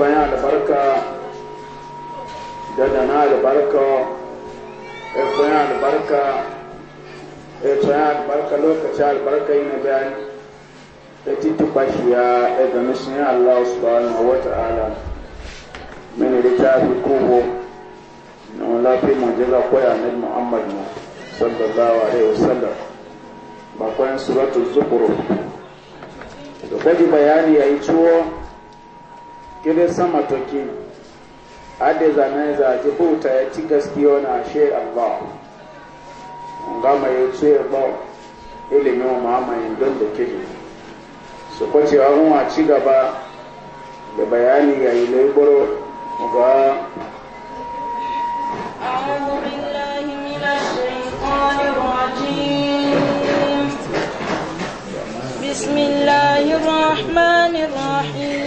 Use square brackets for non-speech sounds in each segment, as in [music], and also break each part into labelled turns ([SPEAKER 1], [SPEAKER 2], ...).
[SPEAKER 1] bayan albarka da dana albarka eh, ya koya albarka eh, ya koya albarka lokacin albarka yi na bayani da tituba shi ya ɗaga eh, daga mishin Allah subhanahu wa ala mini da littafi kogo na lafi mujiza koya na Muhammad mu sallallahu alaihi wasallam bakon suratul zukhruf da kwaji bayani ya yi ciwo kele sama toki ade zane za ji huta ya ci gaskiyo na she Allah nga mai tsaye ba ilimin mamayin don da kiri su kwace an a ci gaba da bayani ya yi laiboro ga
[SPEAKER 2] بسم الله الرحمن الرحيم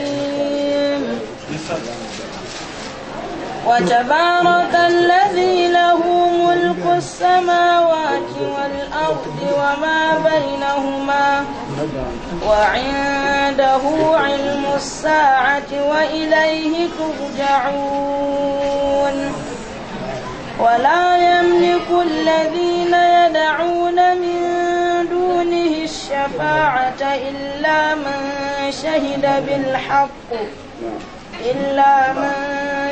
[SPEAKER 2] وتبارك الذي له ملك السماوات والأرض وما بينهما وعنده علم الساعة وإليه ترجعون ولا يملك الذين يدعون من دونه الشفاعة إلا من شهد بالحق إلا من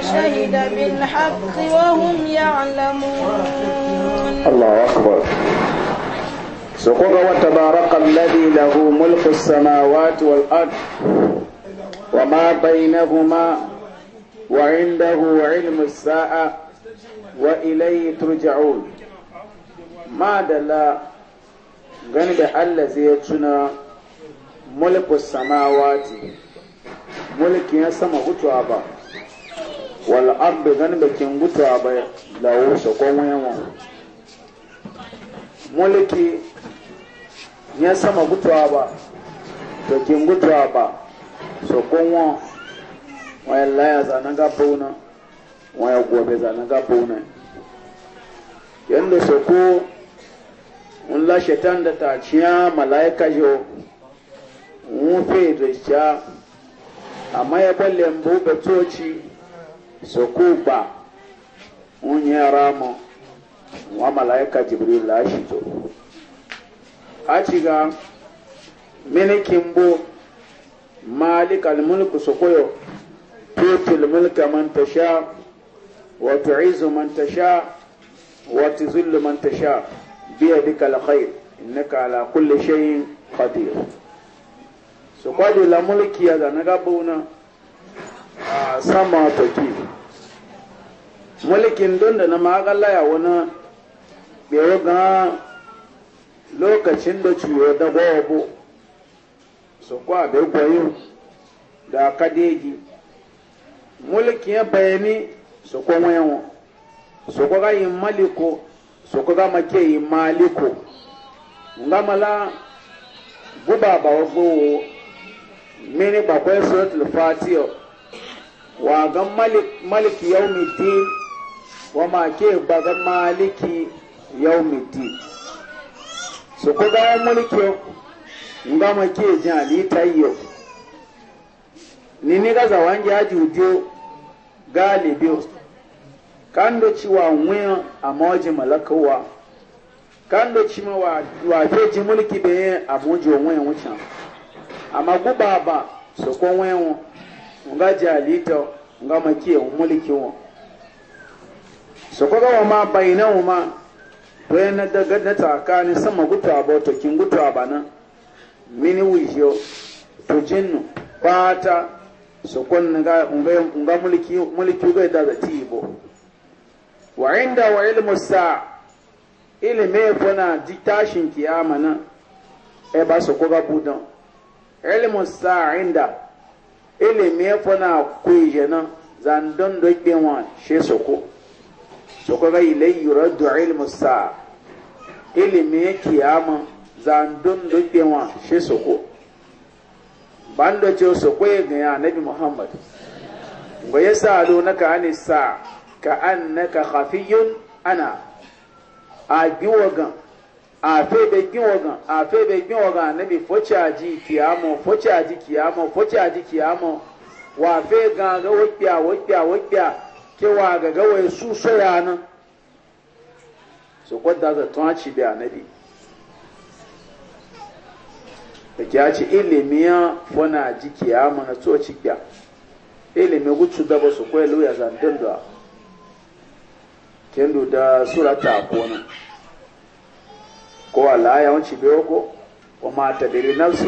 [SPEAKER 2] شهد بالحق وهم يعلمون
[SPEAKER 1] الله أكبر سقوط وتبارك الذي له ملك السماوات والأرض وما بينهما وعنده علم الساعة وإليه ترجعون ما دلا غنب الذي زيتنا ملك السماوات mulkin ya sama hutuwa ba wal ardu gan bakin hutuwa ba lawo sakon wayan mulki ya sama hutuwa ba bakin hutuwa ba sakon wa wayan laya zanen gabauna waya gobe zanen gabauna yadda sako un lashe shaitan da ta ciya malaika yo un fe da amma ya balle mbu coci so ku ba unye ramu wa malaika jibril la shi to a ciga minikin bu malik mulku su koyo tutul mulka man tasha wa tu'izu man tasha wa tuzillu man tasha biyadika alkhair innaka ala kulli shay'in qadir so mwali la mulki ya bụ bona a sama toki mulkin don da na magalla ya wani biyo ga lokacin da ciwo da gobo so kwa bai kwayo ah, da kadegi mulkin ya bayani so kwa wayan so kwa ga yin maliko so kwa ga make yin maliko ngamala guba ba wa gowo mini bakwai suratul fatiha wa ga maliki yaumiddin wa ma ke baga maliki yaumiddin su ku ga mulki nga ma ke jin alita yau ni ni ga zawan ya jujo galibi kando ciwa nwiyan a mawajin malakawa kando cima wa ji mulki bayan a mujo nwiyan wucin amma soko ba nga kon wayan nga jalita nga makiya mulki wa su ko ma bainan ma bayan na daga na tsakanin sama gutuwa ba to kin gutuwa ba nan mini wujo to jinnu fata su kon nga nga mulki mulki ga da zati bo wa inda wa ilmu sa ilime fana ji tashin kiyama nan e ba su ko ga budan ilmu sa'inda ilimi ya fana kuije nan zandon da ke wa she soko soko ga ilai du ilmu sa'a ilimi ya kiyama zandon da ke wa she soko bando ce soko ya ga nabi muhammad ga ya alo na ka ani sa ka na hafi yun ana a biwa gan afe be gbiwogan afe be gbiwogan ne bi fɔtsi adi kiyamɔ fɔtsi adi kiyamɔ fɔtsi adi kiyamɔ wa fe gan ge wo kpia wo kpia wo kpia ke wa gege wo esu sɔya na soko daza tɔn atsi bi ane bi eke atsi ilimia fɔna adi tso tsi a kendo da ta ko la ya bai ko wa ma tadiri nafsu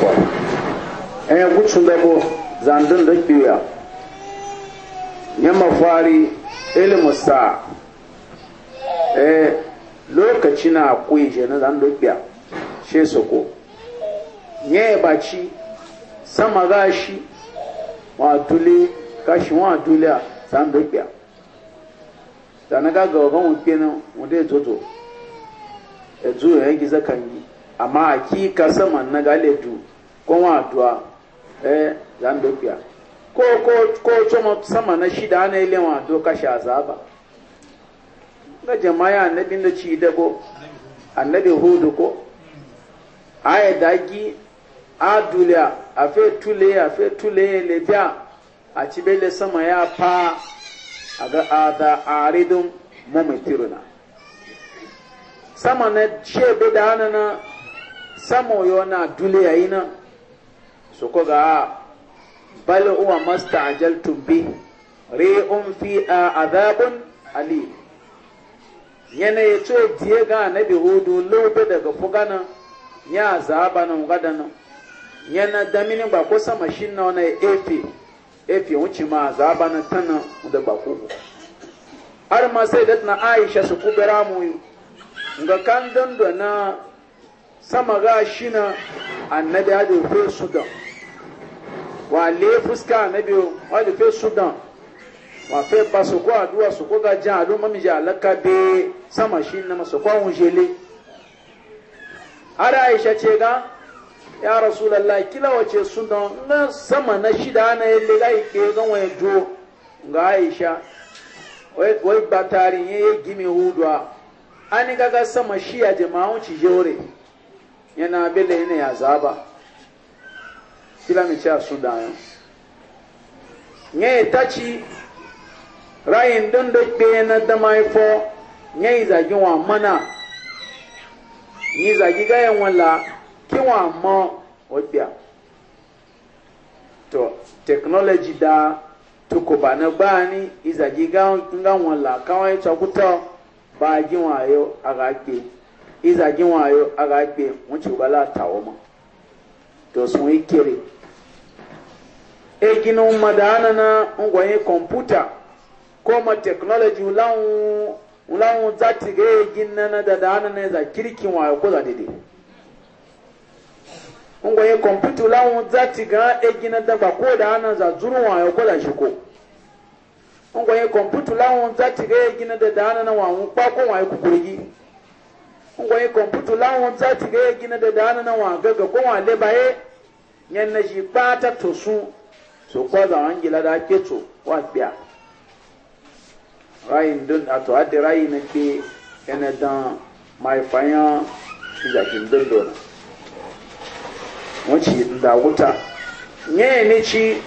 [SPEAKER 1] kwa eh kuchulebo zandun da kiya ya mafari ilmu sa eh lokaci na akwai je na zandun kiya she soko nye baci sama gashi wa dule gashi wa dule zan kiya da na gaga wa kan wuke nan wanda ya toto ya zuwa ya kan yi amma kasa saman na gale du ma aduwa eh zan dokiya ko ko ko ma sama na shida ne ile wa do sha azaba ga jama'a annabin da ci go annabi hudu ko aya dagi a afe tule afe tule le bia a ci sama ya fa a ga ada aridun mamitiruna sama na shebe da anana samo yona dule yayina ko ga bal huwa mastajaltu bi ri'un fi azabun ali yana ce diye ga annabi hudu lobe daga fugana ya azaba nan gadana yana mini ba ko sama shin na wani efe efe wuce ma azaba na tana da ba ko har ma sai da na Aisha su kubira mu ga kan dandona sama ga shi na annabi ya dofe sudan wa le fuska annabi wa dofe sudan wa fe ba su ko aduwa su ko ga jan adu mami ja alaka be sama shi na masu ko hun jele ara aisha ce ga ya rasulallah kila wace sudan na sama na shida na yalle ga ike ga wani jo ga aisha wai ba ne ya gimi hudwa an ga sama shi a jama'un ci jore yana bela yana ya zaba kila mi ce su da yau nye tachi rayin don da kpe na dama ifo nye izagi wa mana nye izagi ga yan wala ki wa mo to technology da tukuba na izagi ga nga wala kawai ba gi wa yo aga izagin wayo a ga gbe wuce bala tawo ma to sun yi kere e ginin madana na ngwaye kwamfuta ko ma technology ulawun za ta ga yi e ginin na da dana za kiriki wayo ko za daidai ngwaye kwamfuta ulawun za ta ga e ginin da ba ko da ana za zurun wayo ko za shi ko ngwaye kwamfuta ulawun za ta ga yi e ginin da dana na wawun kpakon wayo wai kwamfutu lawon za ti ga gina da dana na wa gaga ko wa le baye yan na shi bata to su so ko za wan gila da ke to wa biya rayin dun a to adde rayi na ke yana dan mai fanya shi da kin dun dona wace da wuta nye ne ci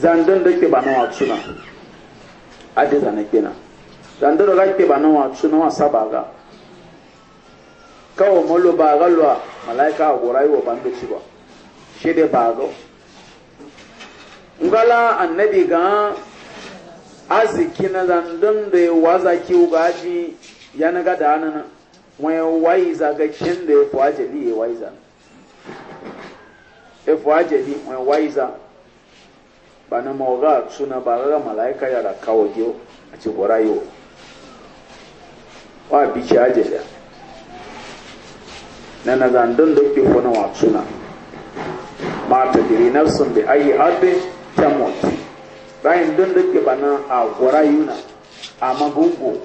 [SPEAKER 1] zandun da ke ba na wa tsuna adde zana kenan zandun da ke ba na wa tsuna wa sabaga kawo malo ba ga lwa malaika a gora wa bandu shi ba shi da ba ga ngala annabi ga aziki na zandun da ya waza ki ga ji ya naga da nan wai wai zaga ga kin da ya fuwa jali ya wai za ya fuwa jali wai wai za ba na mawaga suna ba ga malaika yara kawo giyo a ci gora yiwa wa biki ajiyar na nazandun zandun da ke kona watsuna ma ta diri nafsun bi ayi arde ta mutu bayan dun da ke bana a gora yuna a magungo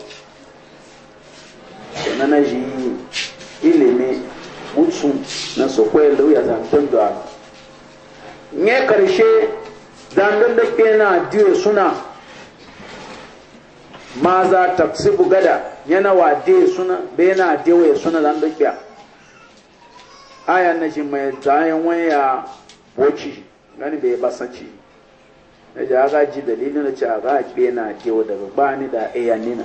[SPEAKER 1] na na ji ilimi mutu na su kwaye lauya zantun da ne karshe zandun da ke na diyo suna ma za ta gada yana wa diyo suna bai na diyo suna zandun da aya na shi mai wani waya boci gani bai basanci na ji aga ji dalilin da ce a ga ke na kewa daga ni da iya nina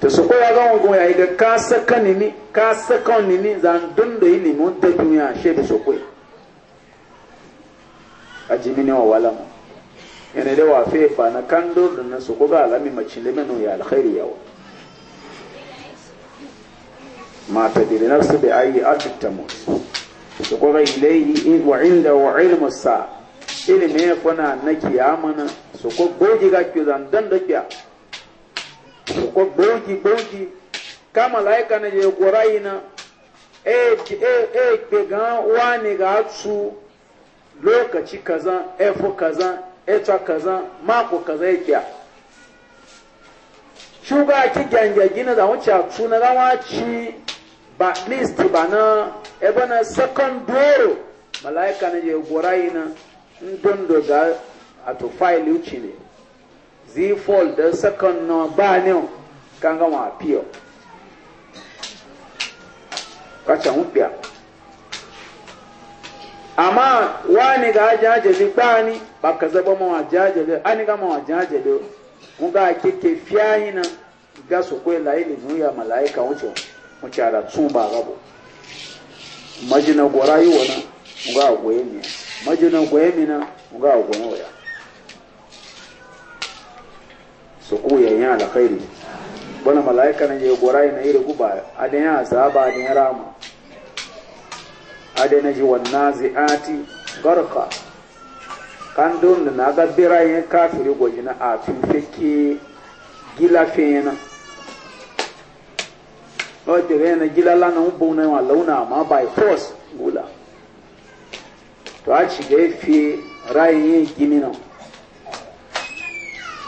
[SPEAKER 1] ta su ya ga wangon ya yi ga ka saka nini ka nini zan don da yi limin wata duniya shi da su koya a ji mini wa wala mu yana da wafe ba na kandor da na su ga alami mace lemenu ya alkhairi yawa ما تدري نفس بأي أرض تموت تقول إليه وعنده علم الساعة ilimi ya kuna na kiyamana su ko goji ga ki zandan da kiya su ko goji goji kama laika na je yi na e ke ga wani ga su lokaci kaza efu kaza eta kaza mako kaza ya kiya shuga ki gyangyagi na zama wuce a tuna rawa ci ba at least ba na ebe na second doro malaika na je gwara yi na ndondo ga ato file uchi ne zi fall da second na ba ne o kan ga ma appeal kacha mpya amma wani ga ajajabi bani ba ka zaba ma ajajabi ani ga ma ajajabi mun ga kike fiyahi na ga su kwela ilimi ya malaika wuce mucara tsuba gabo majina gora yi wana nga agwaye mi majina gwaye mi na nga agwaye waya so ku ya yan bana malaika na je gora yi na iri guba adan ya azaba adan ya rama adan ji wannazi ati garqa kan don na ga birayen kafiri gwajina a tun fake gila fena o daga na gila lana un na wa launa ma by force gula to a ci ga fi rayin yin gimi nan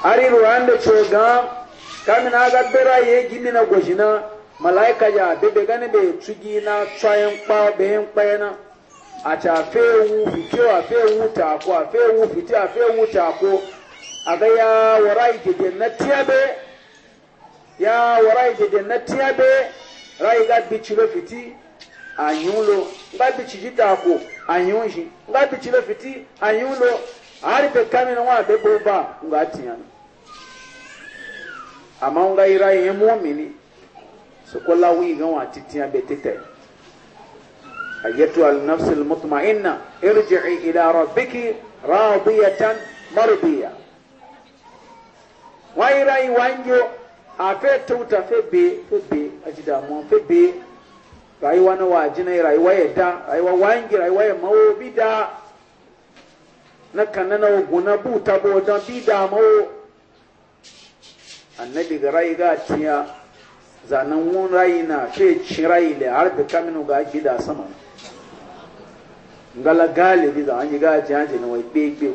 [SPEAKER 1] ari ruwan da cho ga kamin aga bera ye gimi na goshi na malaika ya be gani be tugi na tsayin kpa bayan kpaya na a ta fewu fito a fewu tako a fewu fito a ta tako a ga ya wara ike na tiyabe ya wara ike na tiyabe rai ga bici lo fiti anyun lo ga bici jita ko anyun shi ga bici lo fiti anyun lo ari be kami na wa be boba nga tiyan ama nga ira ye mu'mini so ko la wi ga wa titiya be tete ayatu al nafs al mutma'inna irji'i ila rabbiki radiyatan mardiya wa ira wanjo A afe tauta fe be fe be a ji damuwa fe be rayuwa na wajina rayuwa ya da rayuwa wangi rayuwa ya mawo bi da na kanna na guna buta bo don bi da mawo annabi ga rayi ga tiya zanen wun rayi na fe ci rayi le har da kaminu ga ji da sama ngala bi da an yi ga ji na wai gbegbe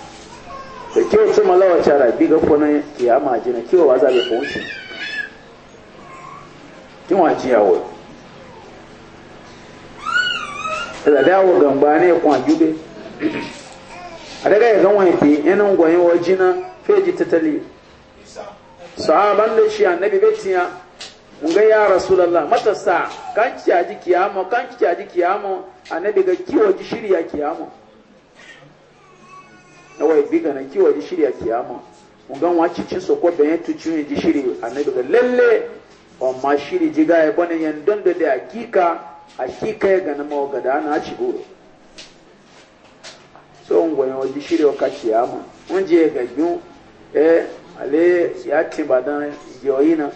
[SPEAKER 1] Da ke ci mala bi ga kona ya maji na kiwa wa zabe ko wuce kin wa ji yawo da dawo gamba ne kwa jube a daga ya gan wani fi yanin gwaye wa jina feji tattali sahaban da shi annabi betiya nga ya rasulallah matasa kan ci aji kiyama kan ci aji kiyama annabi ga kiwo ji shirya kiyama na wai biga na kiwa ji shirya kiyama mun ga wa cici so ko bayan tu ne ji shiri annabi ga lalle amma shiri ji ga ya bane yan don da hakika hakika ya ga na mawa ga na ci so ngwa yo ji shiri o ka kiyama mun je ga yu eh ale ya ti badan yoyina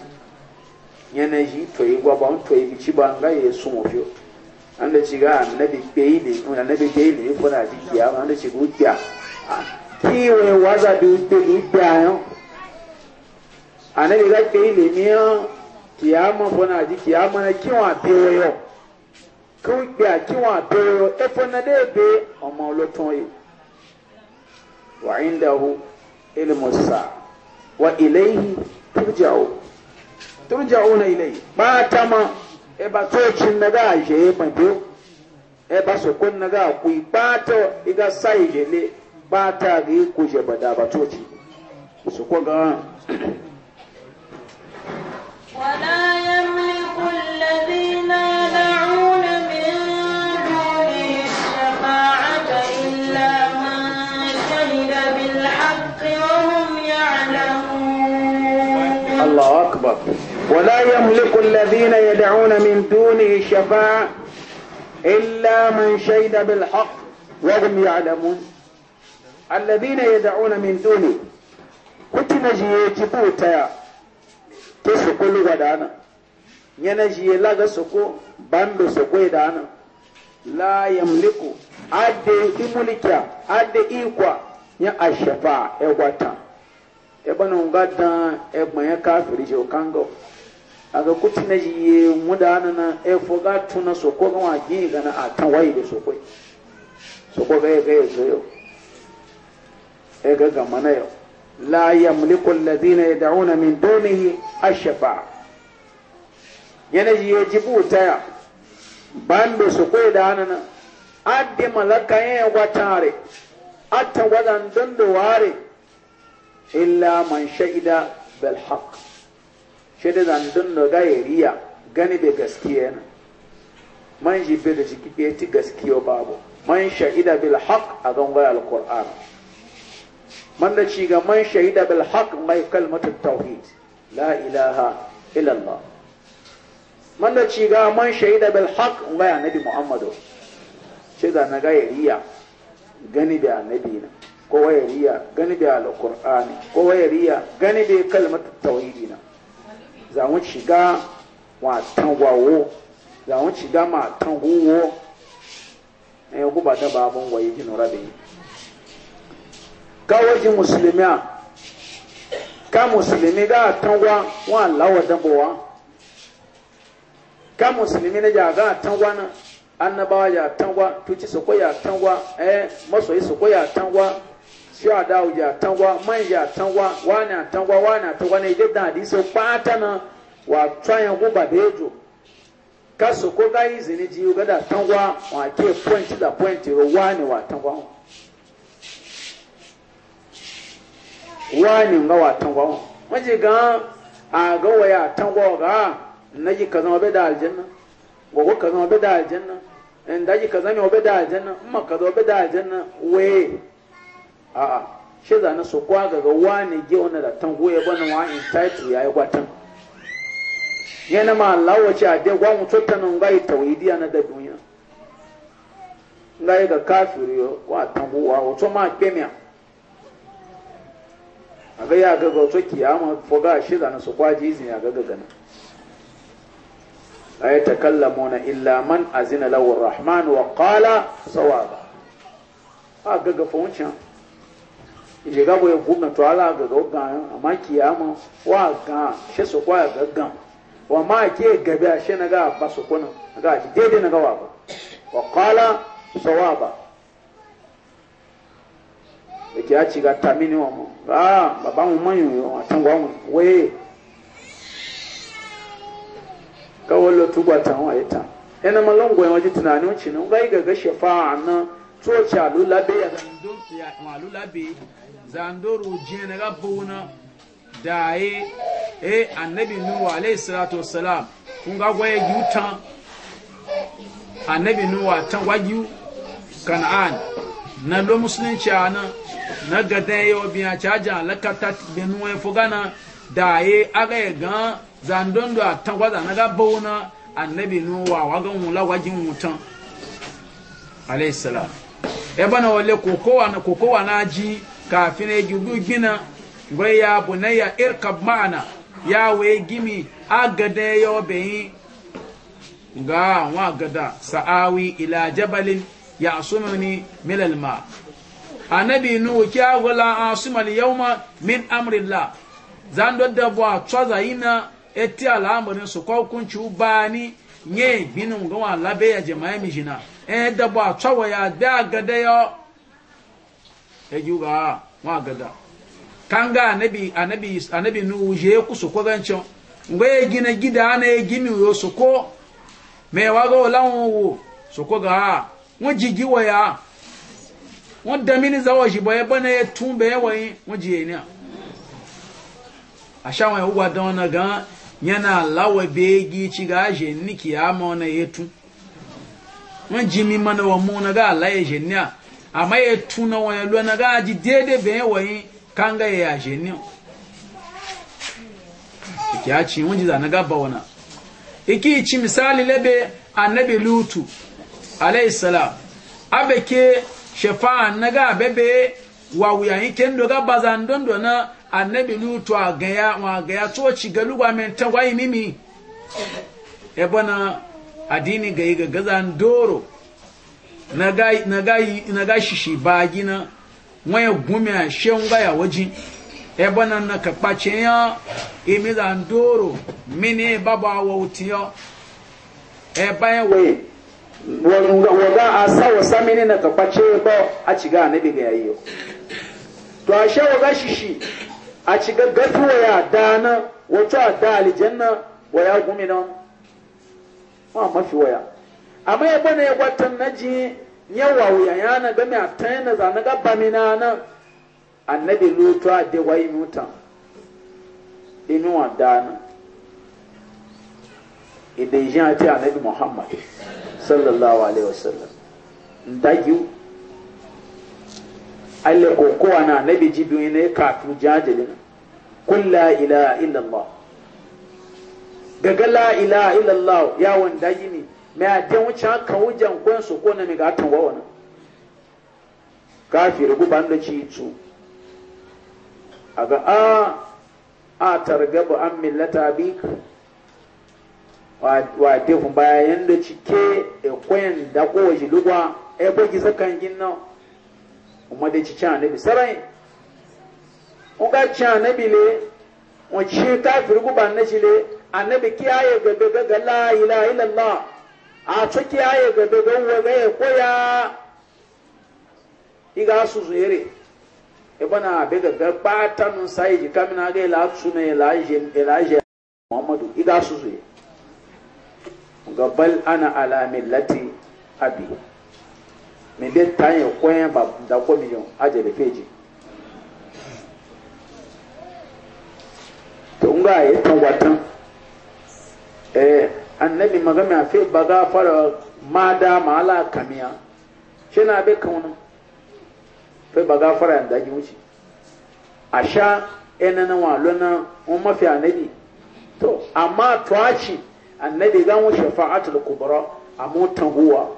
[SPEAKER 1] yana ji to yi ba ba to yi ci ba ga ya su mu fiyo an da ci ga annabi bayi ne annabi bayi ne ko na ji kiyama an da ci gudiya kiwe waza biite lidayo anabi gake ilimiyo kiyama fona aji kiyama na kiwa apewoyo kiwigbe a kiwa apewoyo efona deebe ọmọ olótún yìí wa indahu ilmu saa wa ilayhi turja'u turja'una ilayhi baatama eba toocin naga ajeye mabiyo eba sokon naga akui baato iga sa ijele ba ta ga yi kuje ba da ba toci su ko ga [clears throat] ولا يملك الذين يدعون من دونه الشفاعة إلا من شهد بالحق وهم يعلمون الله أكبر ولا يملك الذين يدعون من دونه الشفاعة إلا من شهد بالحق وهم يعلمون alladhina yad'una min duni kutina jiye kibuta taya, ke soko lugwa da ana yana jiye laga soko bando soko da ana la yamliku ade imulikya ade ikwa ya ashafa egwata ebana ngada egbanya kafiri je okango aga kutina jiye mudana na efo ga tuna soko ga wa gi ga na atan wai da soko soko ga ga zo sai ga gama na yau la yamliku ya yad'una min dunihi ash-shafa'a yanayi ya ji buta ya ban da su koyi da hannun adi malaka yin watare atta wadan don da ware illa man shaida bil haqq shaida zan don da gayariya gani da gaskiya na man jibe da jiki ti gaskiya babu man shaida bil haqq a gangon alqur'ani man da ci ga man shahida bil haqq mai kalmatu tauhid la ilaha illallah man da ci ga man shahida bil haqq annabi muhammadu ce na ga yariya gani da annabi na ko wayariya gani da alqur'ani ko wayariya gani da kalmatu tauhid na za mu ci ga wa tangwawo za mu ci ga ma tanguwo ne ku ba ta babun wayi jinura da yi gawaji musulmi a ka musulmi ga tangwa wa lawa dabowa ka musulmi na ya ga tangwa na annabawa ya tangwa tuci su ya tangwa eh masoyi su ya tangwa shi a dawo ya tangwa man ya tangwa wani a tangwa wani a tangwa na ide da hadisi kwata na wa tsayan guba da ejo ka su ko ga izini ji ga da tangwa wa ke point da point wa wani wa tangwa wani wa watan wa maji ga a ga waya tan gwa ga na ji ka zama da aljanna gogo ka zama da aljanna in da ji o zama da aljanna in kaza ka zama da aljanna we a a za na so kwa ga ga wani ge wani da tan ya bana wa in taitu yayi gwatan yana ma Allah wace a de gwa mutum tanan ga tawhidiya na da duniya ngai ga kafiri wa tan gwa to ma kemiya aga ya ga gauto kiyama foga shi da nasu kwaji izini a ga a yi ya Mona illa man azina lawar rahman wa sawa ba a ga ga fawuncin ije ga boye gumna to ala ga ga ga amma kiyama wa ga shi su kwaya ga ga wa ma ke gabi a shi na ga ba su kuna ga shi daidai na ba wa kala sawa ba sawaba yake ya ci ga tamini wa mu ah baba ma mu manyu yo atangwa mu we kawallo tugwa ta wa ita ina malongo ya waje tunanin wuce nan ga ga shafa'a na coci alulabe ya zandoro ya alulabe zandoro je na rabbuna e eh annabi nuhu alayhi salatu wassalam kun ga gwaye yuta annabi nuhu tan wagyu an. na lo musulunci e e e a nan na gadan yau biya caja lakata benuwa fugana da ye aga ya gan zandon da ta gwada na ga bauna annabi nuwa wagan wula wajin mutan alayhi salam e bana wale kokowa na wa na ji kafin ya gugu gina gwai ya ya irkab ma'ana ya waye gimi agada yau bayin ga wa gada sa'awi ila jabalin ya'sumuni min al-ma annabi nuhu kya gola asuma al-yawma min amri Allah zan do da bo tsaza ina eti al'amarin su ko kun ci bani nye binin ga wa labe ya jama'a mi jina eh da bo tsawa ya da gada yo e juga wa gada kanga annabi annabi annabi nuhu je ku su ko gancin ngwe gina gida na e gimi yo su ko me wa ga lawo su ko ga wọ́n jìgì wọ̀yà wọ́n dami ní zawọ́ ṣìbọ̀ yẹ bọ́nà yẹ tún bẹ́ẹ̀ wọ̀nyí wọ́n jìyẹ ní à. àṣà wọn ìwúwa dán na gan yẹn náà láwọ̀ bẹ́ẹ̀gì chigà ṣe ní kì na yẹ tún. wọ́n mọ́ na wọ́n mú na gáà láyé ṣe ní à àmọ́ yẹ na wọ́n yẹ lọ́ na gáà jì déédéé bẹ́ẹ̀ wọ̀nyí yẹ àṣẹ alaihissalam abe ke shafa'an na bebe wa wuyayin kendo ga bazan dondo na annabi lutu a gaya wa gaya ci galu lugwa men ta gwai mimi e bana adini ga ga gazan doro naga naga na shishi ba gina waya gumi a shen ga waji e bana na ka pace ya imi zan doro mini baba wa utiyo e bayan waye waga a sa wasa mini na ce ba a ciga ga nabi ga yiwu to a sha waga shishi a ga gafi waya dana wato a da na waya gumi na ma mafi waya amma ya bane ya gwatan na ji yawa wuya ya na gami a ta yana zana gaba mina na annabi lutu a dewa yi mutan inuwa dana idan ya a annabi muhammad sallallahu alaihi wasallam ndagiu alle ko kowa na ji jibi ne tu jajilin kun la ilaha illallah daga la ilaha illallah ya wanda gini mai a ta wuce haka wujan kwan su ko na mi ga tun wawana kafir guban da ci tu a ga a ah, a targabu an millata bika wa defu bayan da cike e eh, koyan da kowace lugwa eh, e bogi zakan ginna kuma da cikin annabi sarai un ga cikin annabi ne un ci kafir guba na shi ne annabi kiyaye gabe ga ga la ilaha a ta kiyaye gabe ga wa ga ya koya iga su zuere e eh, bana be ga ga patanun sai ji kamina ga ila tsune la je je muhammadu iga su zuere ga bal ana ala millati abi mi de ta yin kwen ba da ko mi yon aje be feji to nga ye tan watan eh annabi magami a fe baga fara ma da ma ala kamiya shina be kauna fe baga fara da gi wuce asha enana wa lona on mafi annabi to amma to aci annabi za mu kubura a motan tanguwa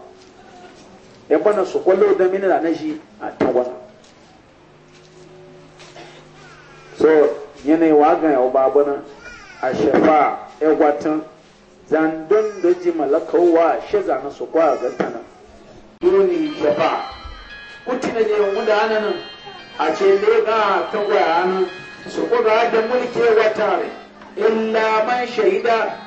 [SPEAKER 1] ya bana su kwallo da mini na nashi a tawana. so yanayi wa ya uba babana a shafa ya gwatan zandun da ji malakawa shi zana su kwa ga tana duni shafa kutina ne wanda ana nan a ce ne ga tawaya nan su kwa ga da mulke wata illa man shaida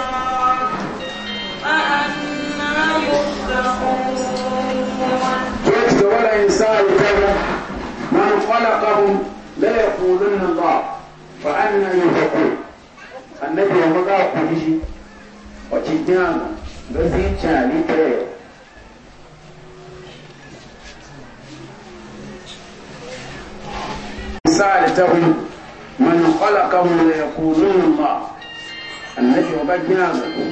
[SPEAKER 1] ce in sa a ita ba ma in kwala kamu lai ku nan nan ba ba an na yi ta ku an na biyan maka a kudi shi a cikin da zai cani ta yi. sa’ad ta hu mana kwala kamun da ya kuru nun ba a na ke waka gina zaɓo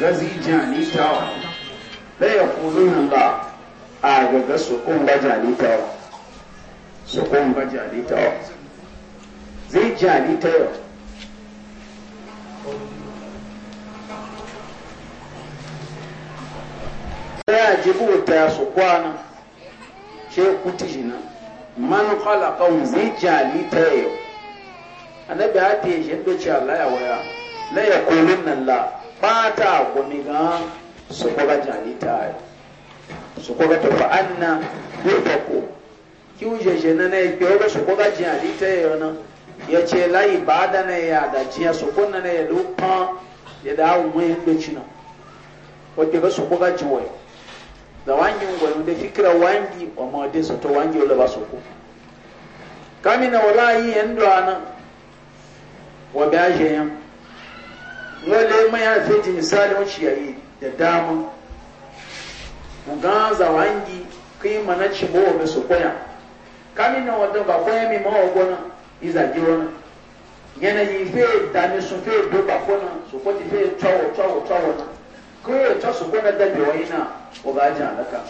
[SPEAKER 1] ga zai jani ta wa ɗaya kuru nun ba a gaga sukun ba jalita wa sukun ba jalita wa zai jalita wa ya ji buta su kwana ce kuti jina man khalaqahum zai jalita yau annabi ta ya shi ce Allah ya waya la nan la ba ta gumi ga su kuma jalita yau sokoga to fa anna Ki kiu jeje na na ikpe ga sokoga ji ta yi yana. ya ce la ibada na ya da ji ya sokon na ya lupa ya da awu mu yin doci na wata ga sokoga ji wai da wangi ngwa da fikira wangi wa ma de ta wangi wala ba soko kamina wala yi yando ana wa baje yan Wale mai ya fiti misali wuci yayi da dama nga zawangi kai na chimbo wa su kami na wata ba koya mi ma wa gona iza ji wona yi fe da ni sun fe do ba kona su eh, ko ti fe tawo tawo tawo na ko ta su kona da bi wai na o ga ja laka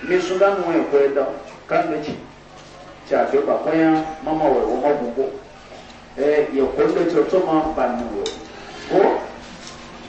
[SPEAKER 1] mi sun da mu e ko da kan da ci cha be ba koya mama wa wa gugu eh ya ko da to to ma ba ni wo ko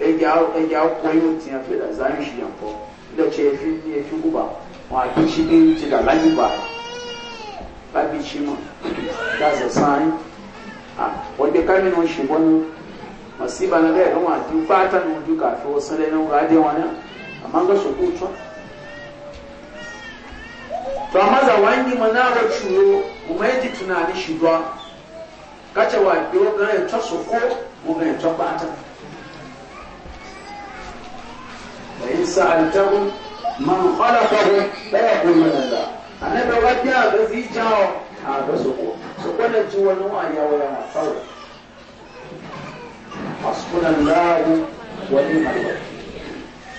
[SPEAKER 1] ege awo ege awo koyo tiɲɛ fɛ la zan si yan fɔ ne cɛ fi ni ye kuba wa a bi si ti la laji ba la si ma da san a o de ka minnu si bɔ nu ma si ba na dɛ ɛn wa du ba ta nu du k'a fɔ o sɛlɛ ne ko a den wa a man ka sɔn k'o tɔ to a ma za wa ni ma n'a yɛrɛ o ma e ti a si dɔn ka cɛ wa tɔ ko o tɔ وإن سألتهم من خلقهم لا يقولون لا أنا بوجه بزي جاو هذا سوق سوق نجوا نوع يا ويا ما صور حسبنا الله ونعم الوكيل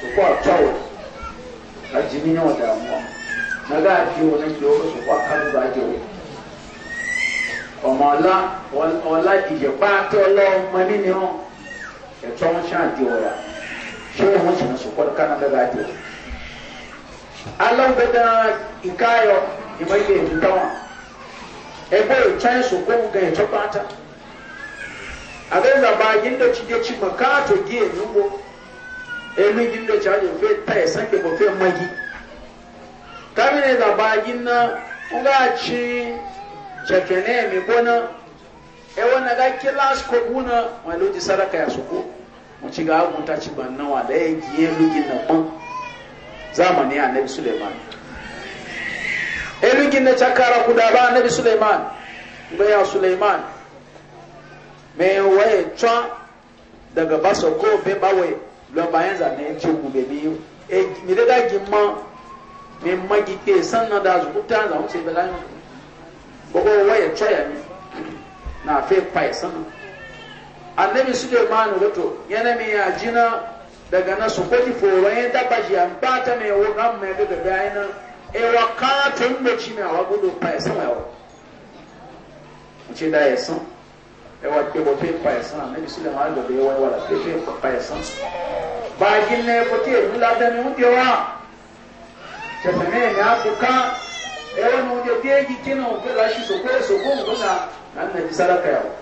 [SPEAKER 1] سوق أتوا أجمعنا ودعموا نجا أجوا نجوا سوق أكلوا أجوا ọmọ ọlá ọlá ìjẹpá tó lọ ọmọ nínú ẹtọ wọn ṣáà di ọ̀rọ̀. shehu wucin su kwan kanan da zaɗe alau gada ikayo imaye dawa ebe can su kun ga ya bata a ga zaba yin da ci ci makato gi e nugo elu yin da ci aje fe ta ya sanke ba fe magi kamine zaba yin na nga ci cefene mi bona e wana ga kilas ko buna wani saraka ya suku ci ga agunta ci ban nawa da ya giye lugin na ban zamani annabi suleiman e lugin na cakara kuda ba annabi suleiman baya suleiman me waye twa daga baso ko ba bawe lo bayan za ne ci ku be bi e eh, mi da gi ma mi ma gi ke san na da zukuta za mu ce be la yo gogo waye twa ya mi na fe pa san annabi suleiman wato yana mai jina daga nasu kwaji foron ya daba shi an ba ta mai wukan mai daga bayan ewa katon da ci eh, mai wago da fa ya sama yawa ce da ya san ewa eh, ke bote fe fa ya san annabi suleiman da bai wai wala fe fe fa ya san ba gin ne ko te bula da mu te wa ta ne ya kuka ewa eh, mu je te gi kino ko da shi so ko so ko mu na nan ne saraka yawa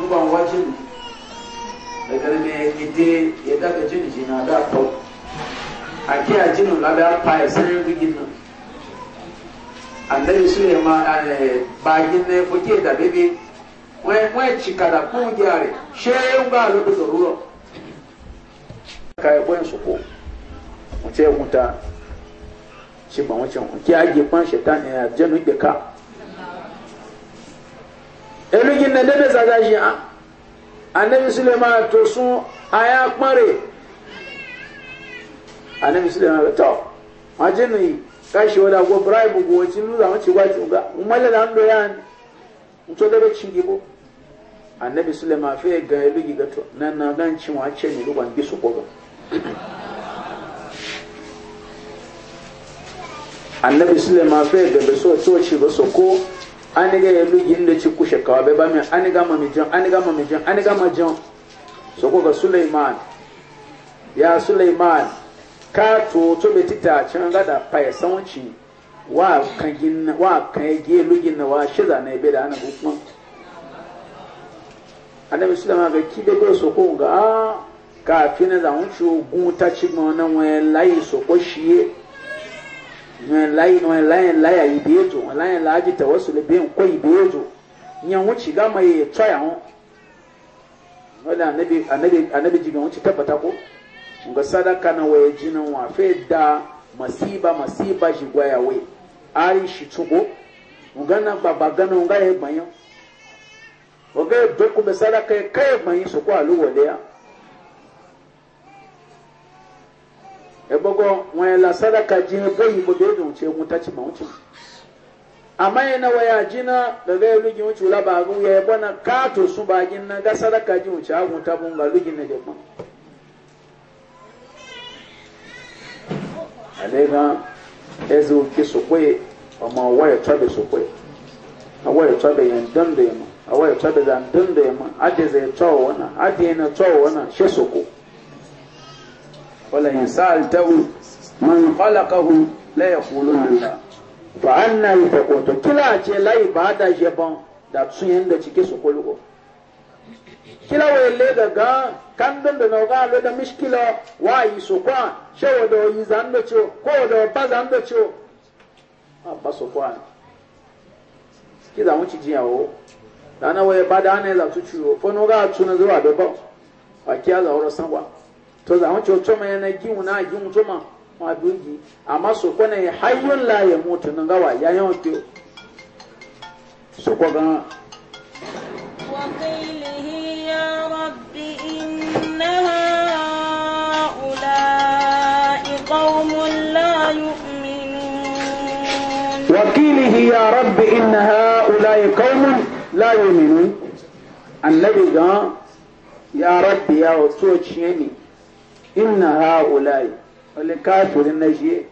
[SPEAKER 1] nuban wajin da garbe ide ya daga jin jina da kau a kiya jinin labe alfa ya sanar rigin nan annabi su eh, ne ma a bagin na fuke da bebe wai cika da kun gyare shehu ba lubu da ruwa kayan bayan su ko wuce wuta shi ba wancan kuke age kwan shetan ya eh, jenu ka elugin na dede zaga shi a ah. anabi suleiman to sun aya kpare anabi suleiman to wọn jẹ nìyí káṣí bribe gbogbo tí nínú àwọn ti wájú ga wọn mọlẹ ń lọ yá ni nítorí dẹbẹ tsi yìí bó anabi suleiman fẹẹ gan elugin gàtọ nana gan tsi wọn akyẹ nìyí wọn gbé annabi suleiman fẹẹ gẹbẹ sọ so ó tsi bẹ so ko. aniga ga yelu yille ci kushe kawa be bami ani aniga mami jon ani ga mami Sulaiman ya Sulaiman ka to to be tita can ga da paye sanci wa kan gin wa kan ge lu gin wa shiza ne be da ana hukuma annabi Sulaiman ga kibe be so ko ga na da mun o gun ta ci ma na wai lai so ko shiye layi wani layin laya yi biye jo wani layin laji ta wasu le biyan kwai biye jo yan wuce ga mai tsaya hon wala anabi anabi anabi jibin wuce ko Nga sadaka na waye jinan wa da masiba masiba shi gwaya shi tsugo ngana baba gana ngaye gbanyo oge doku be sadaka kai gbanyo ebogo wela sadaka je boyi mo be do ce mu tachi ma wuce amma na waya jina daga ya lugi wuce la ba ru ya bana na to su ba gin na ga sadaka ji wuce a gunta bun ga lugi na jabba alega ezu ki su kwe amma waya tabe su kwe a waya tabe yan dan da yamma a waya tabe dan ya da yamma ade zai tawo wana ade na tawo wana na shi kwe wala in sa'altahu man khalaqahum la yaquluna Allah fa anna yutaqutu kila ce lai ba da jeban da tsuyen da cike su kulgo kila wele daga kan don da noga lo da mishkila wa yi su kwa shawo da yi zan da ciwo ko da ba zan da ciwo a ba su kwa ki za zuwa za to za mu coco mai na giwu na giwu to ma ma dungi amma su kona ya hayyun la ya mutu nan gawa ya yawan fiyo su ko ga
[SPEAKER 2] وقيله يا رب إن هؤلاء
[SPEAKER 1] قوم لا يؤمنون وقيله يا رب إن هؤلاء قوم لا يؤمنون النبي قال يا رب يا وتوشيني inna ha'ulai wale kafirin na shi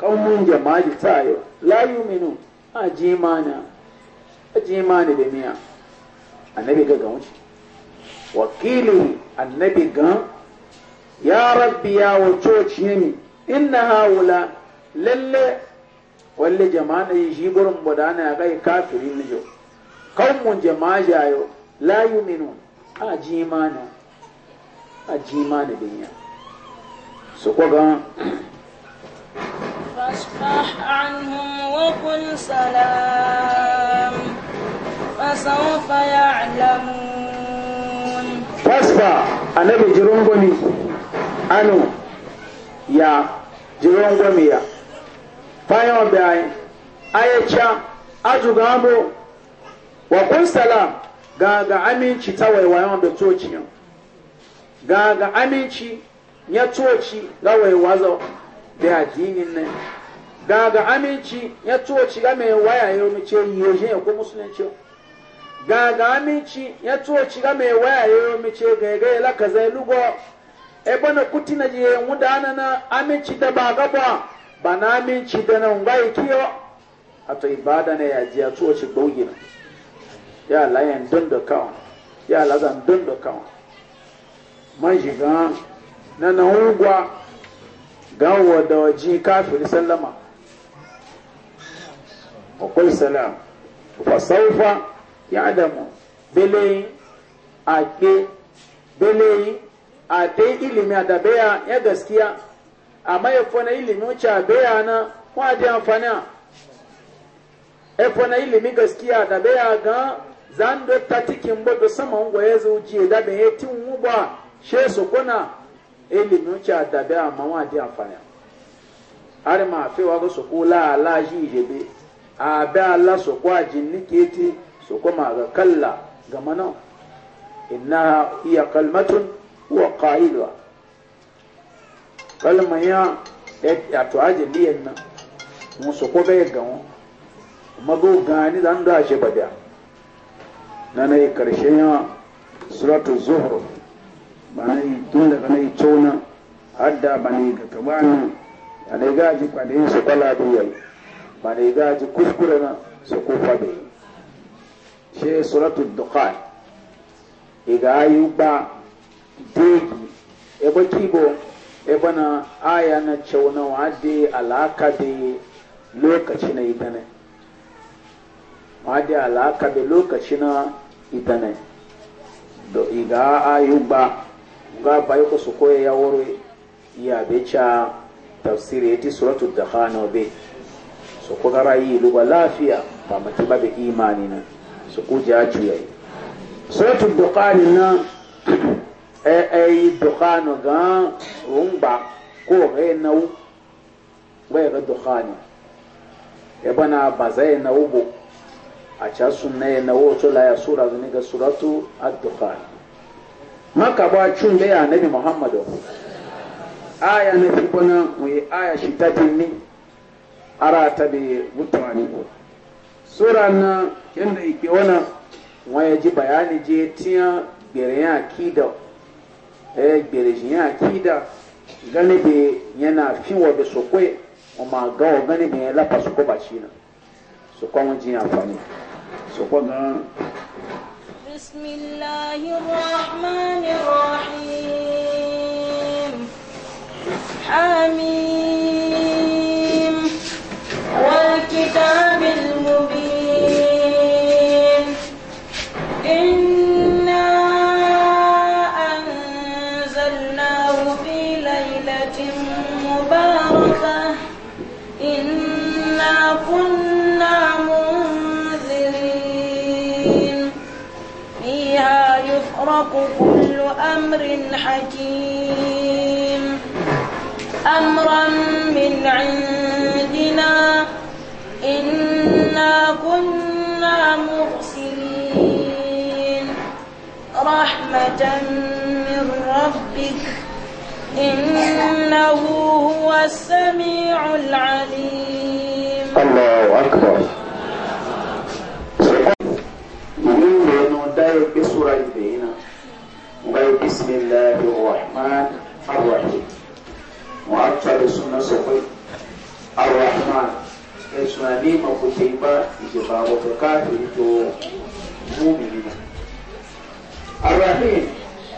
[SPEAKER 1] jama'i jama'a yau, la yuminu a jimana a jimani da miya annabi ga gan wakili annabi gan ya rabbi ya wato cini inna ha'ula lalle wale jama'a yi shi gurin budana ya kai kafirin na yau kaumun jama'a yau, la yuminu a jimana a jimani da miya سكوكا
[SPEAKER 2] فاصفح عنهم وقل سلام فسوف يعلمون
[SPEAKER 1] فاصفح أنا بجرونغوني أنو يا جرونغومي يا fayon bayan ayyaca ajuga mu wa kun salam ga ga aminci ta waiwayon ga ga aminci ya tsoci ga wai wazo da addinin nan ga ga aminci nye tsoci ga mai waya yau mu ce yeje ya ko musulunci ga ga aminci nye tsoci ga mai waya yau mu ce ga ga la kaza lugo e bana kutina je mu da na aminci da ba ga ba ba na aminci da na ga kiyo ato ibada ne ya ji ya tsoci gaugi na ya layan don da kawo ya lazan don da kawo man shiga na na hungwa gawo da waji kafiri sallama wakul salam fasaufa ya adamu beleyin ake beleyin a dai ilimi a dabeya ya gaskiya amma ya fana ilimi wuce a beya na kwa amfani a ya fana ilimi gaskiya da beya ga zan do ta tikin bodo saman gwaye zuci da ya tin wuba she su kuna ilimin ki adabe amma wa di amfani har ma fi wa so ko ala la ji jebe a ba la so ko ajin niketi so ko ma ga kalla ga mana inna hiya kalmatun wa qa'ilwa kalma ya ya e, to ajin liyan nan mu so ko ga ga mu mago gani dan da shi bada nan ne karshen suratul zuhru bana tun daga na yi tona hadda bana yi ga kabani bana yi gaji kwadayin su kwala da yau bana yi gaji kuskure na su kofa da yi she suratul duqan iga ayu ba degi ebe kibo ebe bana aya na cewa wa de alaka de lokaci na idane wa de alaka de lokaci na idane do iga ayu ba ga bai ko su ya woro ya be cha tafsiri yati suratul dakhana be su ko gara yi luba lafiya ba mati ba be imani na su ku ja juya suratul dakhana na ai ai dakhana ga rumba ko ga na u bai ga dakhana ya bana ba zai na a ca sunna ya na wato la ya sura zuni ga suratu ad maka ba cunde ya nabi muhammadu aya na fi bana mu yi aya shi ta tinni ara ta be mutane sura na yanda ike wana waya ji bayani je tiya gbere ya akida eh gbere ya akida e, gane be yana fi wa be sokwe o ma ga o gane be la pa sokko na sokko mun ji amfani sokko ga
[SPEAKER 2] بسم الله الرحمن الرحيم حميم والكتاب المبين يسبق كل أمر حكيم أمرا من عندنا إنا كنا مرسلين رحمة من ربك
[SPEAKER 1] إنه
[SPEAKER 2] هو السميع العليم
[SPEAKER 1] الله أكبر kafiri to mumini na arrahim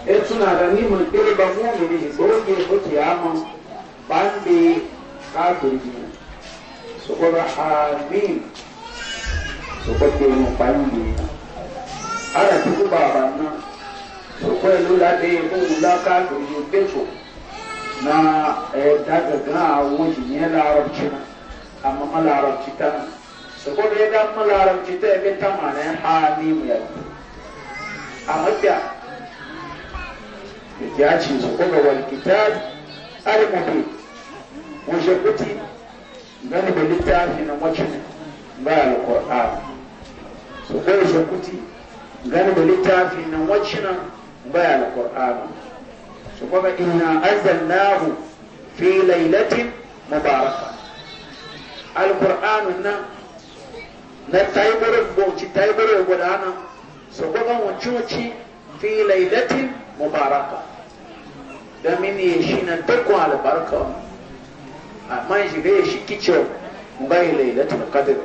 [SPEAKER 1] eh, da niman ɗirba mumini doge ko kiyama bande kafiri ne rahamin ke bande tuku baba na su ko e lula de ko lula kafiri ne na eh, daga na amma larabci ta sokoro ya dan malaran fita ya bin tamanin hamimu ya a mafiya da ya ce sokoro wani kitab al-mubin wajen kuti gani da littafi na macin ba al-qur'an sokoro wajen kuti gani da littafi na macin ba al-qur'an sokoro inna anzalnahu fi lailatin mubaraka al-qur'an nan na taibore bauchi taibore gudana su gwaban wancoci fi lailatin mubaraka domin ya shi na dukkan albarka amma shi bai shi kicin bai lailatul qadr